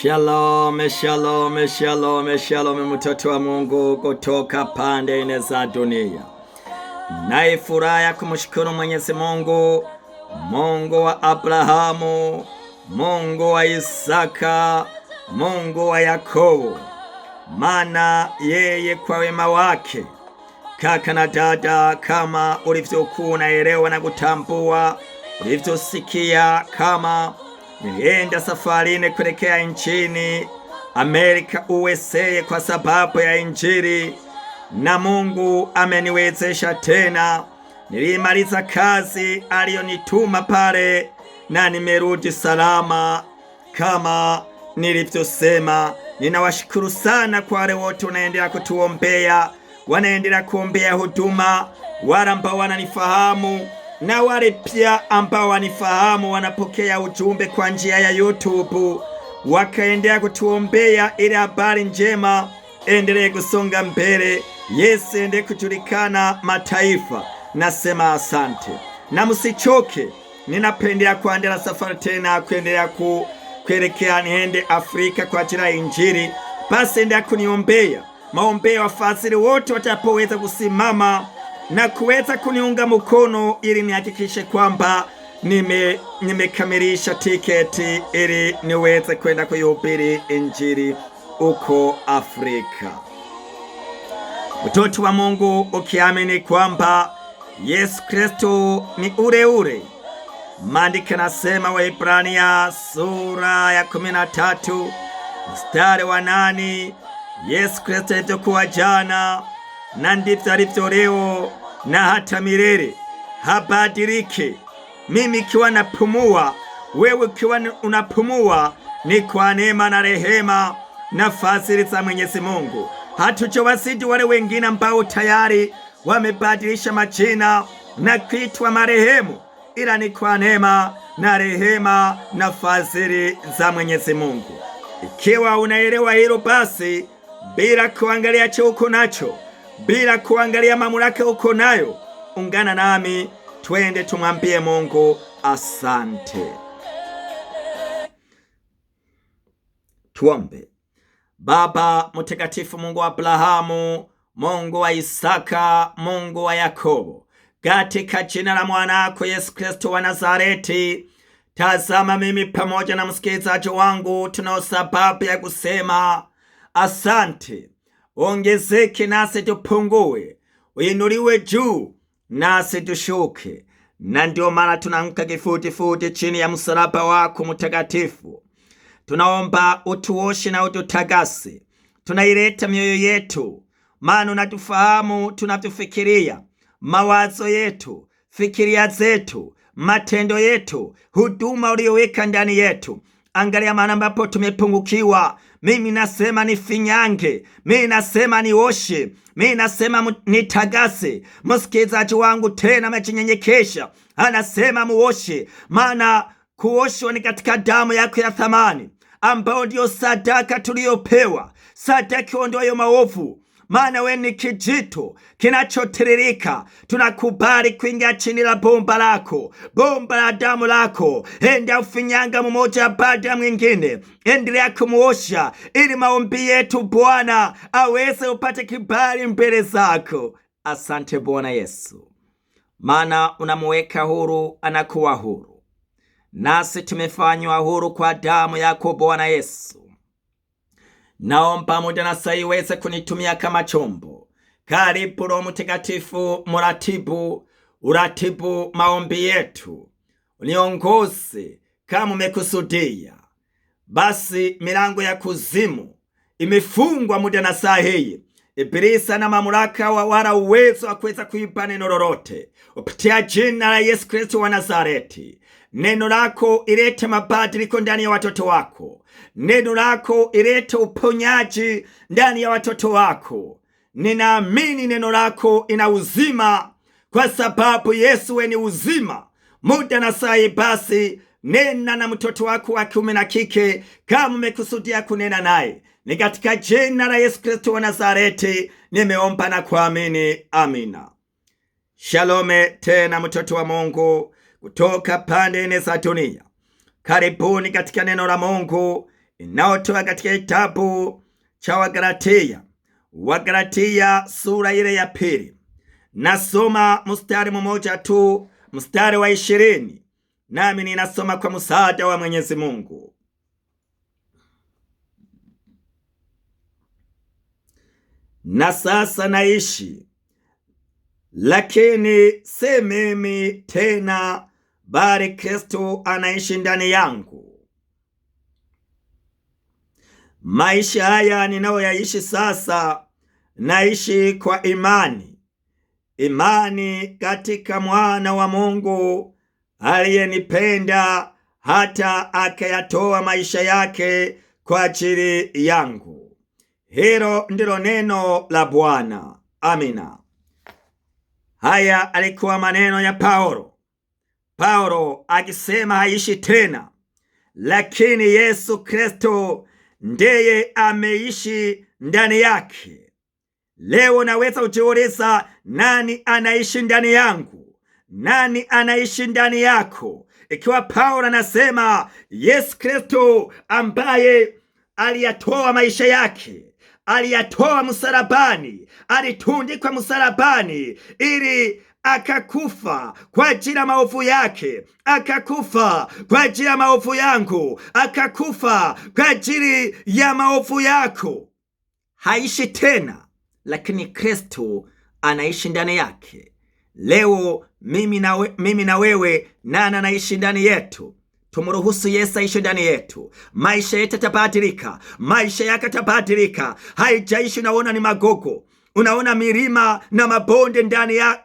Shalom, shalom, shalom, shalom mtoto wa Mungu kutoka pande nne za dunia. Naye furaha ya kumshukuru Mwenyezi Mungu, Mungu wa Abrahamu, Mungu wa Isaka, Mungu wa Yakobo, maana yeye kwa wema wake. Kaka na dada, kama ulivyokuwa unaelewa na kutambua ulivyosikia kama nilienda safarini kuelekea nchini Amerika USA kwa sababu ya Injili, na Mungu ameniwezesha tena. Nilimaliza kazi aliyonituma pale na nimerudi salama kama nilivyosema. Ninawashukuru sana kwa wale wote wanaendelea kutuombea, wanaendelea kuombea huduma, wale ambao wananifahamu na wale pia ambao wanifahamu wanapokea ujumbe kwa njia ya YouTube, wakaendelea kutuombea ili habari njema endelee kusonga mbele, Yesu endelee kujulikana mataifa. Nasema asante na msichoke, ninapendea kuendelea safari tena kuendelea ku kuelekea niende Afrika kwa ajili ya Injili. Basi endelea kuniombea, maombea wafasiri wote watapoweza kusimama na kuweza kuniunga mkono ili nihakikishe kwamba nime nimekamilisha tiketi ili niweze kwenda kuyubiri injili uko Afrika. Mtoto wa Mungu, ukiamini kwamba Yesu Kristo ni ule ule, maandiko nasema Waebrania sura ya 13 mstari wa nani Yesu Kristo alivyokuwa jana na ndivyo alivyo leo na hata milele, habadilike. Mimi kiwa napumua, wewe kiwa unapumua, ni kwa neema na rehema na fadhili za Mwenyezi Mungu. Hatujawazidi wale wengine ambao tayari wamebadilisha majina na kuitwa marehemu, ila ni kwa neema na rehema na fadhili za Mwenyezi Mungu. Ikiwa unaelewa hilo, basi bila kuangalia cha uko nacho bila kuangalia mamlaka uko nayo. Ungana nami twende tumwambie Mungu asante. Tuombe. Baba Mtakatifu, Mungu wa Abrahamu, Mungu wa Isaka, Mungu wa Yakobo, katika jina la mwanako Yesu Kristo wa Nazareti, tazama mimi pamoja na msikilizaji wangu tunao sababu ya kusema asante ongezeke nasi tupungue, uinuliwe juu nasi tushuke. Na ndio maana tunaanguka kifutifuti chini ya msalaba wako mtakatifu. Tunaomba utuoshe na ututakase, tunaileta mioyo yetu, maana unatufahamu tunatufikiria, mawazo yetu, fikiria zetu, matendo yetu, huduma uliyoweka ndani yetu Angalia mahali ambapo tumepungukiwa. Mimi nasema ni finyange, mimi nasema ni oshe, mimi nasema nitagase. Msikilizaji wangu tena amejinyenyekesha, anasema muoshe, maana kuoshwa ni katika damu yako ya thamani, ambayo ndiyo sadaka tuliyopewa, sadaka iondoayo maovu maana we ni kijito kinachotiririka. Tunakubali kuingia chini la bomba lako, bomba la damu lako. Enda ufinyanga mmoja baada ya mwingine, endelea kumuosha, ili maombi yetu Bwana aweze upate kibali mbele zako. Asante Bwana Yesu, maana unamuweka huru, anakuwa huru, nasi tumefanywa huru kwa damu yako Bwana Yesu nao pamoja na saa iweze kunitumia kama chombo. Karibu Roho Mtakatifu, muratibu uratibu maombi yetu, uniongoze kama umekusudia. Basi milango ya kuzimu imefungwa muda na saa hii. Ibilisa na mamlaka wa wala uwezo wa kuweza kuiba neno lolote, upitia jina la Yesu Kristo wa Nazareti, neno lako ilete mabadiliko ndani ya watoto wako neno lako ilete uponyaji ndani ya watoto wako. Ninaamini neno lako ina uzima, kwa sababu Yesu we ni uzima. Muda na saa hii basi nena na mtoto wako wa kiume na kike, kama umekusudia kunena naye, ni katika jina la Yesu Kristo wa Nazareti nimeomba na kuamini, amina. Shalome tena, mtoto wa Mungu kutoka pande nne za dunia, karibuni katika neno la Mungu inayotoka katika kitabu cha Wagalatia, Wagalatia sura ile ya pili, nasoma mstari mmoja tu, mstari wa ishirini, nami ninasoma kwa msaada wa Mwenyezi Mungu. Na sasa naishi, lakini si mimi tena, bali Kristo anaishi ndani yangu Maisha haya ninayoyaishi sasa, naishi kwa imani, imani katika mwana wa Mungu aliyenipenda hata akayatoa maisha yake kwa ajili yangu. Hilo ndilo neno la Bwana. Amina. Haya alikuwa maneno ya Paulo. Paulo akisema haishi tena, lakini Yesu Kristo ndeye ameishi ndani yake. Leo naweza kujiuliza, nani anaishi ndani yangu? Nani anaishi ndani yako? Ikiwa Paulo anasema Yesu Kristo ambaye aliyatoa maisha yake aliyatoa msalabani, alitundikwa msalabani ili akakufa kwa ajili ya maovu yake, akakufa kwa ajili ya maovu yangu, akakufa kwa ajili ya maovu yako. Haishi tena, lakini Kristo anaishi ndani yake. Leo mimi na, we, mimi na wewe nana anaishi ndani yetu. Tumruhusu Yesu aishi ndani yetu, maisha yetu yatabadilika, maisha yake yatabadilika. Haijaishi unaona ni magogo Unaona milima na mabonde ndani ya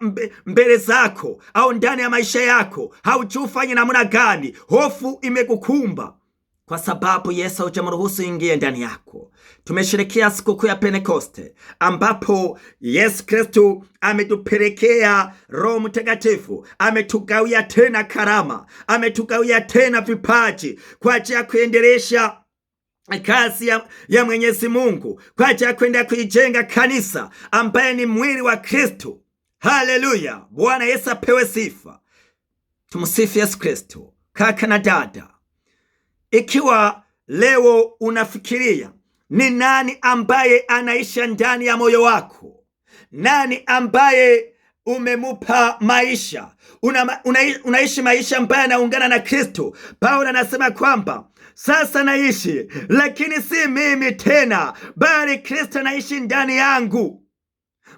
mbele zako au ndani ya maisha yako, haujufanye namna gani. Hofu imekukumba kwa sababu Yesu hujamruhusu ingie ndani yako. Tumesherekea sikukuu ya Pentekoste ambapo Yesu Kristu ametupelekea Roho Mtakatifu, ametugawia tena karama, ametugawia tena vipaji kwa ajili ya kuendelesha Kazi ya, ya Mwenyezi Mungu kwa ajili ya kwenda kuijenga kanisa ambaye ni mwili wa Kristo. Haleluya! Bwana Yesu apewe sifa. Tumsifu Yesu Kristo. Kaka na dada, ikiwa leo unafikiria ni nani ambaye anaisha ndani ya moyo wako, nani ambaye umemupa maisha una, una, unaishi maisha ambaye anaungana na Kristo, Paulo anasema kwamba sasa naishi lakini si mimi tena, bali Kristo anaishi ndani yangu.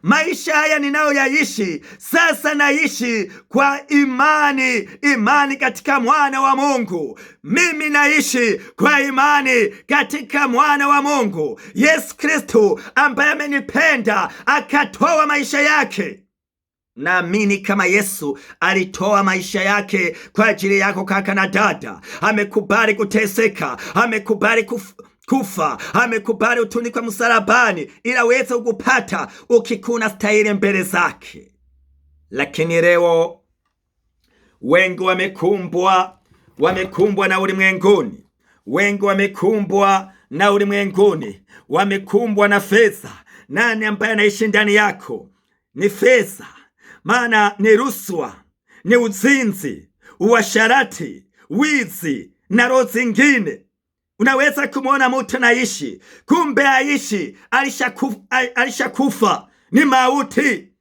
Maisha haya ninayoyaishi sasa naishi kwa imani, imani katika mwana wa Mungu. Mimi naishi kwa imani katika mwana wa Mungu Yesu Kristo, ambaye amenipenda akatoa maisha yake Naamini kama Yesu alitoa maisha yake kwa ajili yako kaka na dada, amekubali kuteseka, amekubali kuf kufa amekubali utunikwa msalabani, ila uweze kukupata ukikuna stahili mbele zake. Lakini leo wengi wamekumbwa, wamekumbwa na ulimwenguni, wengi wamekumbwa na ulimwenguni, wamekumbwa na fedha. Nani ambaye anaishi ndani yako? Ni fedha maana ni ruswa ni uzinzi, uasharati, wizi na roho zingine. Unaweza kumwona na ishi kumbe aishi alishakufa, ni mauti,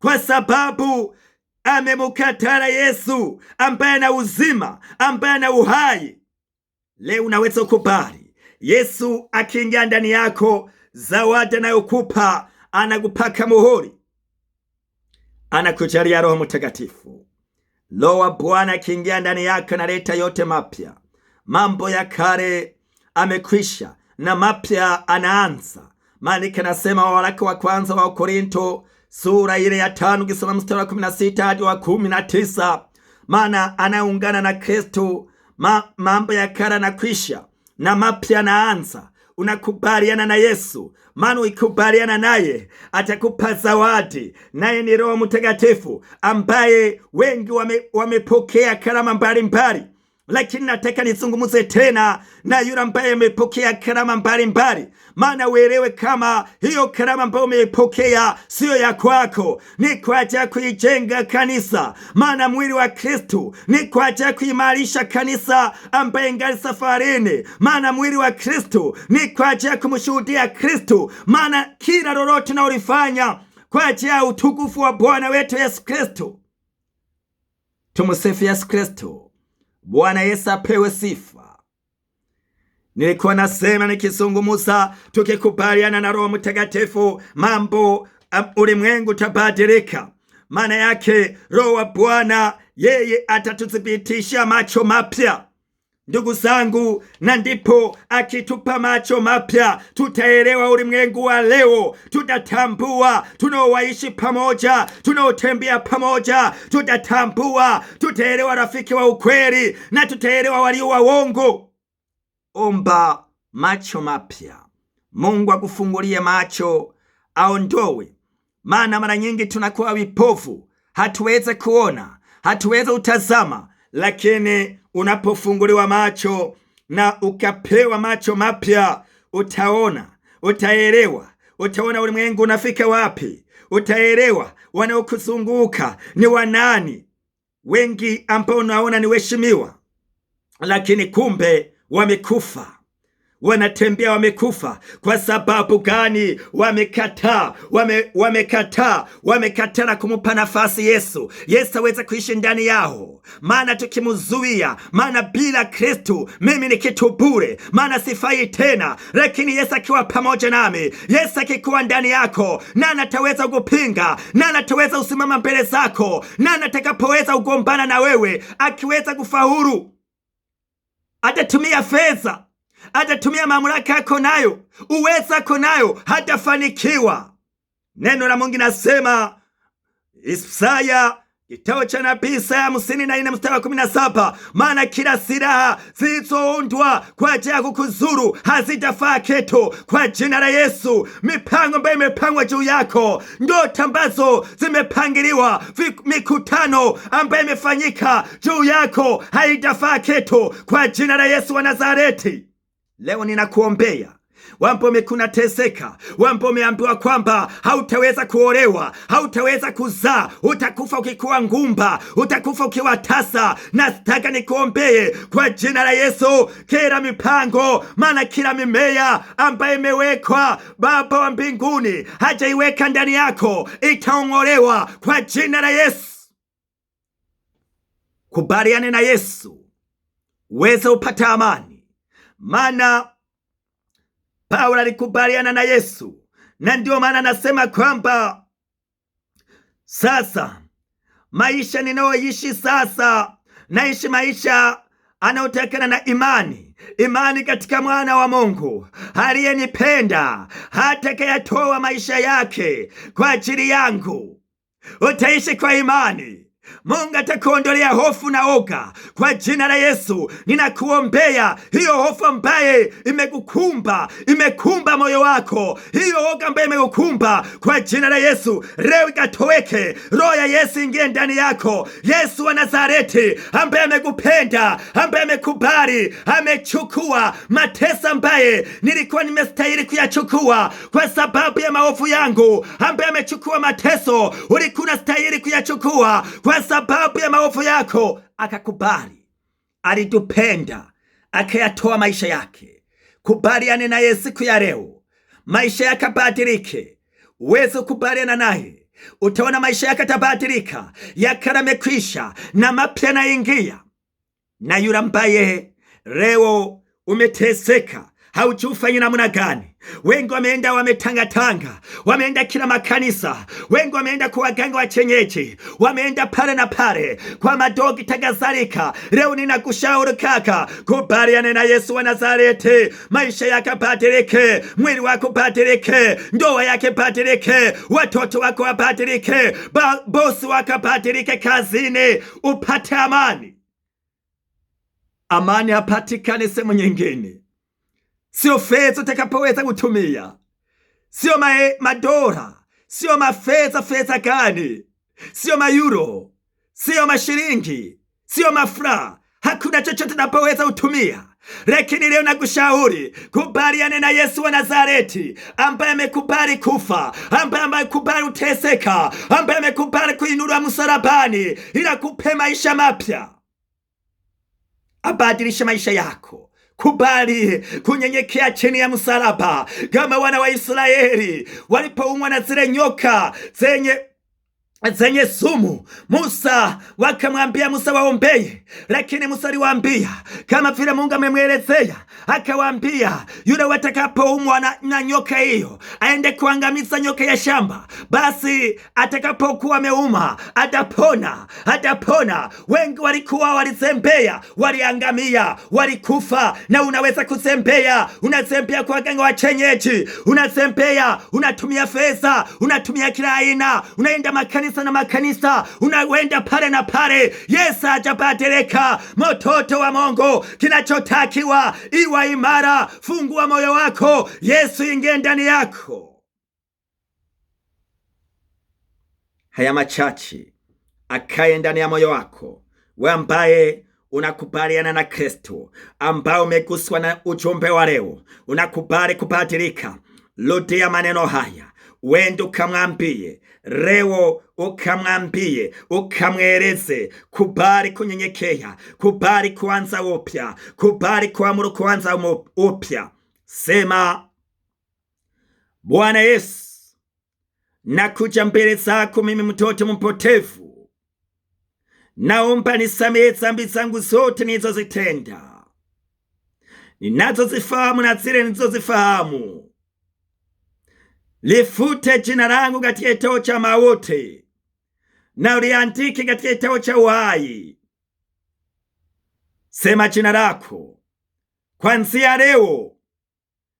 kwa sababu amemukatara Yesu ambaye ana uzima, ambaye ana uhai. Leo unaweza ukubali Yesu akiingia ndani yako, zawadi anayokupa anakupaka muhuri anakujalia Roho Mtakatifu. Roho wa Bwana akiingia ndani yake analeta yote mapya. Mambo ya kale amekwisha na mapya anaanza. Maandiko anasema waraka wa kwanza wa Korinto sura ile ya tano kisoma mstari wa kumi na sita hadi wa kumi na tisa maana anaungana na kristu Ma, mambo ya kale anakwisha na mapya anaanza unakubaliana na Yesu, maana ukikubaliana naye atakupa zawadi, naye ni Roho Mtakatifu ambaye wengi wame, wamepokea karama mbalimbali lakini nataka nizungumze tena na yule ambaye amepokea karama mbalimbali, maana uelewe kama hiyo karama ambayo umeipokea siyo ya kwako, ni kwa ajili ya kuijenga kanisa, maana mwili wa Kristu ni kwa ajili ya kuimarisha kanisa ambaye ngali safarini, maana mwili wa Kristu ni kwa ajili ya kumshuhudia Kristu, maana kila lolote naolifanya kwa ajili ya utukufu wa Bwana wetu Yesu Kristu. Tumsifu Yesu Kristu. Bwana Yesu apewe sifa. Nilikuwa nasema nikizungumza, tukikubaliana na Roho Mtakatifu mambo um, ulimwengu tabadilika. Maana yake Roho wa Bwana yeye atatuthibitisha macho mapya Ndugu zangu, na ndipo akitupa macho mapya tutaelewa ulimwengu wa leo, tutatambua tunaowaishi pamoja, tunaotembea pamoja, tutatambua, tutaelewa rafiki wa ukweli na tutaelewa walio uongo. Omba macho mapya, Mungu akufungulie macho, aondowe. Maana mara nyingi tunakuwa vipofu, hatuweze kuona, hatuweze utazama, lakini Unapofunguliwa macho na ukapewa macho mapya, utaona, utaelewa, utaona ulimwengu unafika wapi, utaelewa wanaokuzunguka ni wanani. Wengi ambao unaona ni waheshimiwa, lakini kumbe wamekufa wanatembea wamekufa. Kwa sababu gani? Wamekataa, wamekataa, wamekataa na kumpa nafasi Yesu. Yesu aweze kuishi ndani yao, maana tukimzuia, maana bila Kristu mimi ni kitu bure, maana sifai tena. Lakini Yesu akiwa pamoja nami, Yesu akikuwa ndani yako, nani ataweza kupinga? Nani ataweza kusimama mbele zako? Nani atakapoweza kugombana na wewe? Akiweza kufaulu atatumia fedha atatumia mamlaka yako nayo wako nayo hatafanikiwa. Neno la Mungu nasema Isaya kitabu cha nabii Isaya hamsini na nne mstari wa kumi na saba maana kila silaha zilizoundwa kwa ajili ya kukuzuru hazitafaa keto kwa jina la Yesu. Mipango ambayo imepangwa juu yako, ndoto ambazo zimepangiliwa, mikutano ambayo imefanyika juu yako haitafaa keto kwa jina la Yesu wa Nazareti. Leo ninakuombea mekuna teseka, wambo meambiwa kwamba hautaweza kuolewa, hautaweza kuzaa, utakufa ukikuwa ngumba, utakufa ukiwa tasa. Nataka nikuombee kwa jina la Yesu kila mipango, maana kila mimea ambayo imewekwa Baba wa mbinguni hajaiweka ndani yako itaong'olewa kwa jina la Yesu. Kubaliane na Yesu uweze upata amani maana Paulo alikubaliana na Yesu, na ndiyo maana anasema kwamba sasa maisha ninayoishi sasa, naishi maisha anayotakana na imani imani katika mwana wa Mungu aliyenipenda hata kayatoa maisha yake kwa ajili yangu. Utaishi kwa imani. Mungu atakuondolea hofu na oga kwa jina la Yesu. Ninakuombea hiyo hofu ambaye imekukumba, imekumba moyo wako, hiyo oga ambaye imekukumba kwa jina la Yesu leo ikatoweke. Roho ya Yesu ingie ndani yako. Yesu wa Nazareti ambaye amekupenda, ambaye amekubali, amechukua mateso ambaye nilikuwa nimestahili kuyachukua kwa sababu ya maovu yangu, ambaye amechukua mateso ulikuwa unastahili kuyachukua kwa kwa sababu ya maovu yako akakubali. Alitupenda akayatoa maisha yake. Kubaliane naye siku ya leo, maisha yake abadilike. Uweze kubaliana naye, utaona maisha yake atabadilika. Yakaramekwisha na mapya naingia. Na yule ambaye leo umeteseka haujaufanya namna gani? Wengi wameenda wametangatanga, wameenda kila makanisa, wengi wameenda kwa waganga wa chenyeji, wameenda pale na pale kwa madogi tagazalika. Leo ninakushauri kaka, kubaliane na Yesu wa Nazareti, maisha yake badilike mwili wako patilike, ndoa yake badilike watoto wako wapatilike, bosi wako badilike kazini upate amani. Amani hapatikani sehemu nyingine siyo fedha utakapoweza kutumia, siyo mae, madola, siyo mafedha fedha gani, siyo mayuro, siyo mashilingi, siyo mafura hakuna chochote unapoweza kutumia lakini leo nakushauri kubaliane na Yesu wa Nazareti ambaye amekubali kufa, ambaye amekubali uteseka, ambaye amekubali kuinuliwa msalabani ili akupe maisha mapya, abadilishe maisha yako, kubali kunyenyekea chini ya msalaba, kama wana wa Israeli walipoumwa na zile nyoka zenye zenye sumu. Musa wakamwambia Musa waombeye, lakini Musa aliwaambia kama vile Mungu amemwelezea, akawaambia yule watakapoumwa na, na nyoka hiyo aende kuangamiza nyoka ya shamba, basi atakapokuwa ameuma atapona, atapona. Wengi walikuwa walizembea, waliangamia, walikufa. Na unaweza kuzembea, unazembea kwa waganga wa chenyeji, unazembea, unatumia fedha, unatumia kila aina, unaenda makanisa makanisa na makanisa, unawenda pale na pale. Yesu hajabadirika, mototo wa Mungu. Kinachotakiwa iwa imara, fungua moyo wako, Yesu ingie ndani yako. Haya machache akaye ndani ya moyo wako, we ambaye unakubaliana na Kristo, ambao umeguswa na ujumbe wa leo, unakubali kubadilika, Rudia maneno haya, wende ukamwambie rewo ukamwambiye ukamwereze kubari kunyenyekeya kubari kuanza upya, kubari kuamuru kuanza upya. Sema, Bwana Yesu, nakuja mbele zako, mimi mtoto mpotevu, naomba nisamehe dhambi zangu zote nizozitenda ninazozifahamu na zile nilizozifahamu lifute jina langu katika kitabu cha mauti na uliandike katika kitabu cha uhai. Sema jina lako kwanzia leo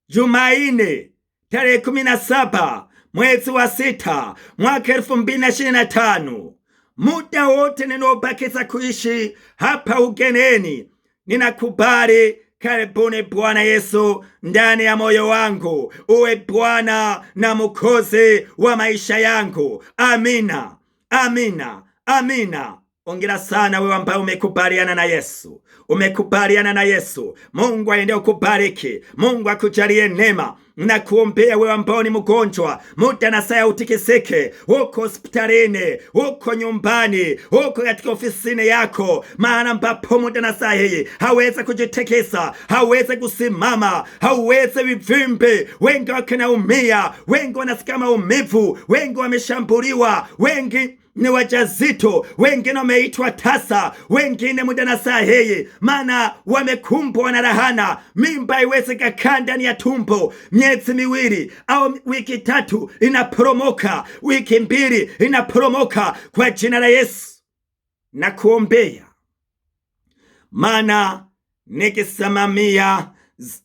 Jumaine tarehe kumi na saba mwezi wa sita mwaka elfu mbili na ishirini na tano muda wote ninaobakiza kuishi hapa ugeneni, ninakubali Karibuni Bwana Yesu ndani ya moyo wangu, uwe Bwana na Mwokozi wa maisha yangu. Amina, amina, amina. Ongera sana wewe ambaye umekubaliana na Yesu, umekubaliana na Yesu. Mungu aende kubariki, Mungu akujalie neema na kuombea wewe ambao ni mgonjwa muda na saa utikisike, huko hospitalini, huko nyumbani, huko katika ofisini yako, maana mbapo muda na saa hii hawezi kujitekesa, hawezi kusimama, hauweze vivimbe. Wengi wakinaumia, wengi wanasikia maumivu, wengi wameshambuliwa, wengi ni wajazito, wengine wameitwa tasa, wengine muda na saa hii, maana wamekumbwa na rahana. Mimba iweze kakaa ndani ya tumbo miezi miwili au wiki tatu, inaporomoka wiki mbili inaporomoka kwa jina la Yesu na kuombea, maana nikisimamia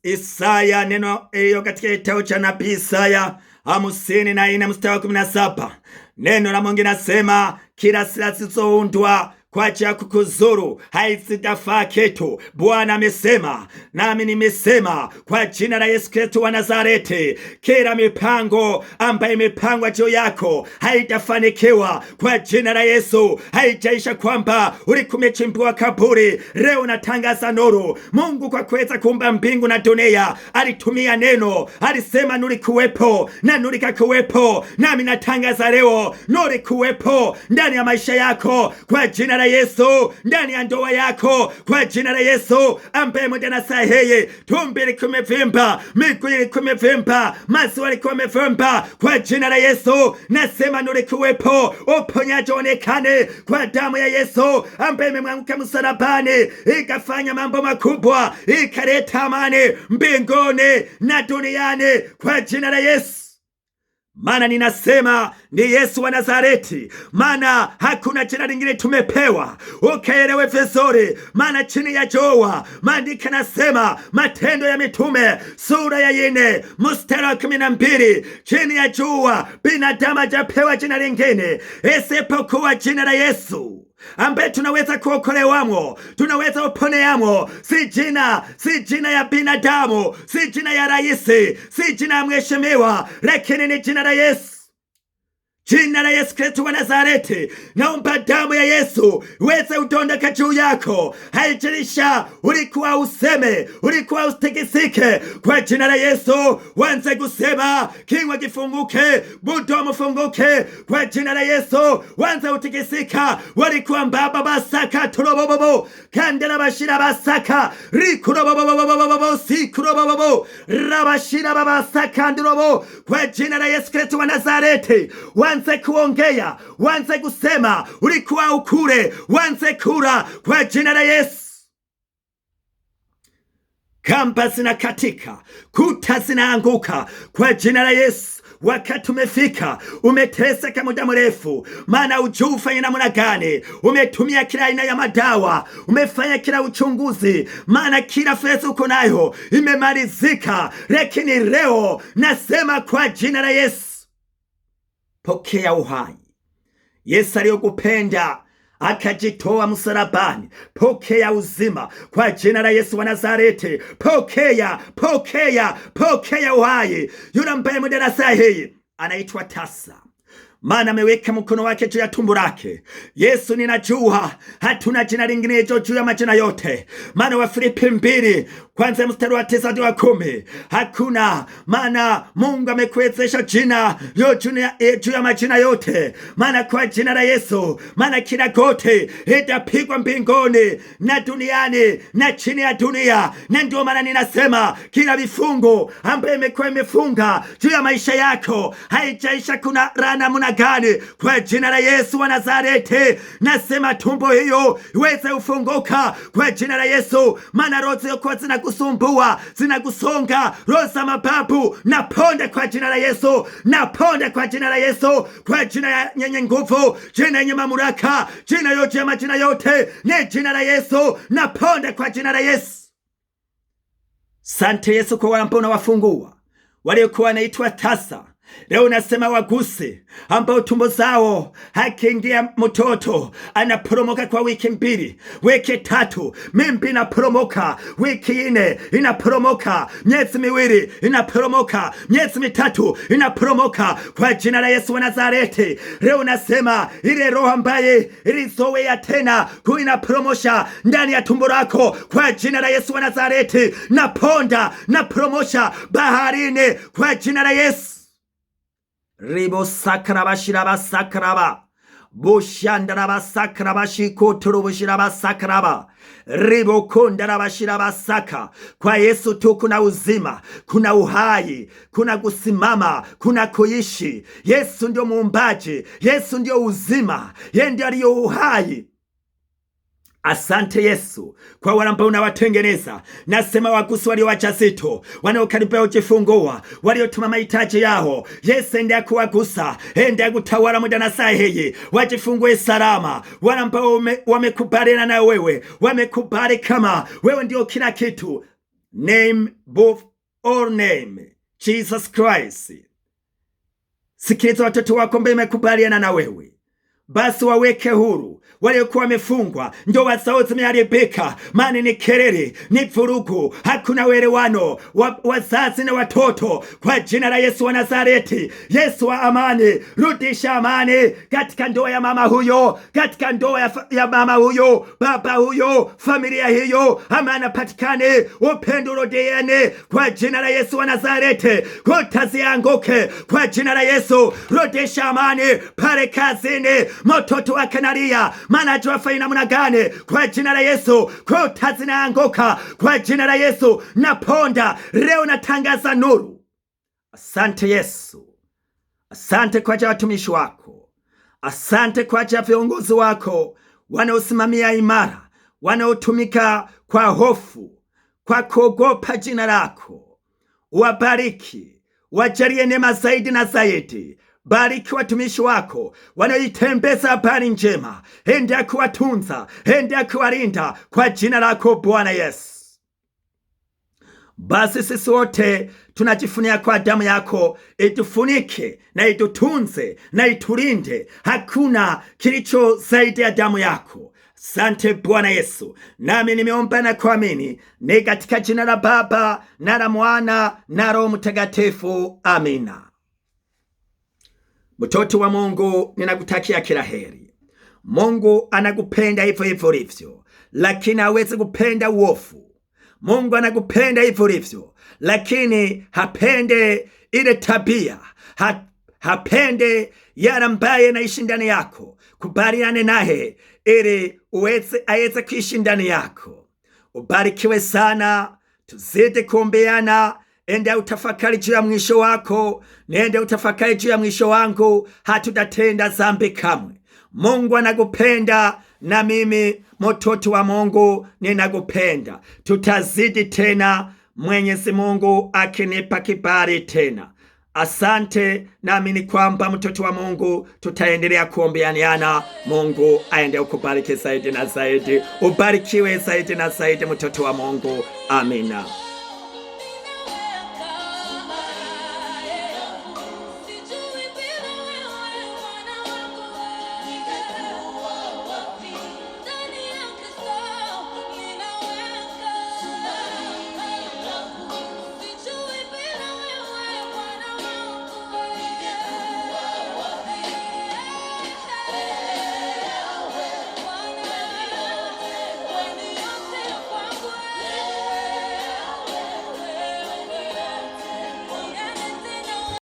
Isaya neno hiyo katika kitabu cha nabii Isaya hamsini na nne mstari wa kumi na saba Neno la Mungu linasema kila silaha zilizoundwa kwa kukuzuru haisitafaa kitu. Bwana amesema nami nimesema kwa jina la Yesu Kristo wa Nazareti, kila mipango ambayo imepangwa juu yako haitafanikiwa kwa jina la Yesu. Haitaisha kwamba ulikumechimbua kaburi, leo natangaza nuru. Mungu kwa kuweza kuumba mbingu na dunia alitumia neno, alisema nuri kuwepo na nuri kakuwepo, nami natangaza leo nuri kuwepo ndani ya maisha yako kwa jina la Yesu, ndani ya ndoa yako, kwa jina la Yesu ambaye muda na saa hii tumbi likuwa limevimba, miguu ilikuwa imevimba, maziwa yalikuwa kwa jina la Yesu nasema nuru kuwepo uponyaji onekane kwa damu ya Yesu ambaye imemwanguka msalabani, ikafanya mambo makubwa, ikaleta amani mbinguni na duniani, kwa jina la Yesu. Maana ninasema ni Yesu wa Nazareti, maana hakuna jina lingine tumepewa. Ukaelewe vizuri, maana chini ya jua maandiko nasema, Matendo ya Mitume sura ya ine mstari wa kumi na mbili chini ya jua binadamu hajapewa jina lingine isipokuwa jina la Yesu ambaye tunaweza kuokolewamo, tunaweza uponeyamo. Si jina, si jina ya binadamu, si jina ya raisi, si jina ya mheshimiwa, lakini ni jina la Yesu. Jina la Yesu Kristo wa Nazareti, naomba damu ya Yesu iweze udondeka juu yako. Haijalisha ulikuwa useme, ulikuwa usitikisike. Kwa jina la Yesu wanze kusema, kinywa kifunguke, mdomo ufunguke. Kwa jina la Yesu wanze utikisika. walikuwa mbaba basaka turobobobo kandela bashira basaka rikurobobobobobobobo sikurobobobo rabashira babasaka ndirobo. Kwa jina la Yesu Kristo wa Nazareti wanze wanze kuongea, wanze kusema, ulikuwa ukule, wanze kula kwa jina la Yesu. Kamba zinakatika, kuta zinaanguka kwa jina la Yesu. Wakati umefika, umeteseka muda mrefu, maana ujuu ufanye namna gani. Umetumia kila aina ya madawa, umefanya kila uchunguzi, maana kila fedha uko nayo imemalizika. Lakini leo nasema kwa jina la Yesu pokea uhai. Yesu aliyokupenda akajitoa msalabani. Pokea uzima kwa jina la Yesu wa Nazareti. Pokea, pokea, pokea uhai. Yule ambaye muda na anaitwa tasa maana ameweka mkono wake juu ya tumbo lake. Yesu, ninajua hatuna jina linginejo juu ya majina yote, maana Wafilipi mbili kwanza mstari wa tisa hadi wa kumi hakuna maana Mungu amekuwezesha jina yo juu ya majina yote, maana kwa jina la Yesu maana kila goti litapigwa mbinguni na duniani na chini ya dunia. Na ndio maana ninasema kila vifungo ambayo imekuwa imefunga juu ya maisha yako haijaisha, kuna rana muna gani? kwa jina la Yesu wa Nazareti. Nasema tumbo hiyo iweze kufunguka kwa jina la Yesu, maana roho zilizokuwa zinakusumbua zinakusonga, roho za mababu naponda kwa jina la Yesu, naponda kwa jina la Yesu, kwa jina yenye nguvu, jina yenye mamlaka, jina yote ya majina yote ni jina la Yesu, naponda kwa jina la Yesu. Sante Yesu kwa wale ambao unawafungua waliokuwa wanaitwa tasa Leo nasema waguse ambao tumbo zao hakiingia mtoto anaporomoka kwa wiki mbili, wiki tatu, mimbi inaporomoka, wiki ine inaporomoka, miezi miwili inaporomoka, miezi mitatu inaporomoka kwa jina la Yesu wa Nazareti. Leo nasema ile roho ambaye ilizowea tena kuinaporomosha ndani ya tumbo lako kwa jina la Yesu wa Nazareti, naponda na poromosha baharini kwa jina la Yesu sakraba shiraba sakraba raba sakraba shikotorobosiraba sakraba raba shiraba saka. Kwa Yesu tu kuna uzima, kuna uhai, kuna kusimama, kuna kuishi. Yesu ndio muumbaji, Yesu ndio uzima, yeye ndiye aliyo uhai Asante Yesu kwa wale ambao unawatengeneza. Nasema wagusu waliowacha sito, wanaokaribia kujifungua, waliotuma mahitaji yao. Yesu endea kuwagusa, endea kutawala muda na saa hii, wajifungue salama. Wale ambao wamekubaliana na wewe, wamekubali kama wewe ndio kila kitu. Name above all name, Jesus Christ. Sikiliza watoto wako ambao na wewe basi waweke huru waliokuwa wamefungwa. Ndoa zao zimeharibika, maana ni kelele, ni vurugu, hakuna uelewano, wazazi na watoto. Kwa jina la Yesu wa Nazareti, Yesu wa amani, rudisha amani katika ndoa ya mama huyo, katika ndoa ya, ya mama huyo, baba huyo, familia hiyo, amani patikane, upendo rodeane, kwa jina la Yesu wa Nazareti. Kuta zianguke kwa jina la Yesu, rudisha amani pale kazini mototo wa kanaria, maana tuwafai namna gani? Kwa jina la Yesu kuta zinaanguka kwa jina la Yesu. Naponda leo, natangaza nuru. Asante Yesu, asante kwa ajili ya watumishi wako, asante kwa ajili ya viongozi wako wanaosimamia imara, wanaotumika kwa hofu, kwa kuogopa jina lako. Wabariki, wajalie neema zaidi na zaidi Bariki watumishi wako wanaitembeza habari njema, endelea akiwatunza, endelea akiwalinda kwa jina lako Bwana Yesu. Basi sisi wote tunajifunia kwa damu yako, itufunike na itutunze na itulinde. Hakuna kilicho zaidi ya damu yako. Sante Bwana Yesu, nami nimeomba na kuamini, ni katika jina la Baba na la Mwana na Roho Mtakatifu. Amina. Mtoto wa Mungu, ninakutakia kila heri. Mungu anakupenda hivyo hivyo ulivyo, lakini hawezi kupenda uofu. Mungu anakupenda hivyo ulivyo, lakini hapende ile tabia ha, hapende yale ambaye anaishi ndani yako. Kubaliane naye ili uweze aweze kuishi ndani yako. Ubarikiwe sana, tuzidi kuombeana enda utafakari juu ya mwisho wako, nenda utafakari juu ya mwisho wangu. Hatutatenda zambi kamwe. Mungu anakupenda na mimi mtoto wa Mungu ninakupenda. Tutazidi tena, Mwenyezi Mungu akinipa kibali tena. Asante, naamini kwamba mtoto wa Mungu tutaendelea kuombeaniana. Mungu aende ukubariki zaidi na zaidi, ubarikiwe zaidi na zaidi, mtoto wa Mungu. Amina.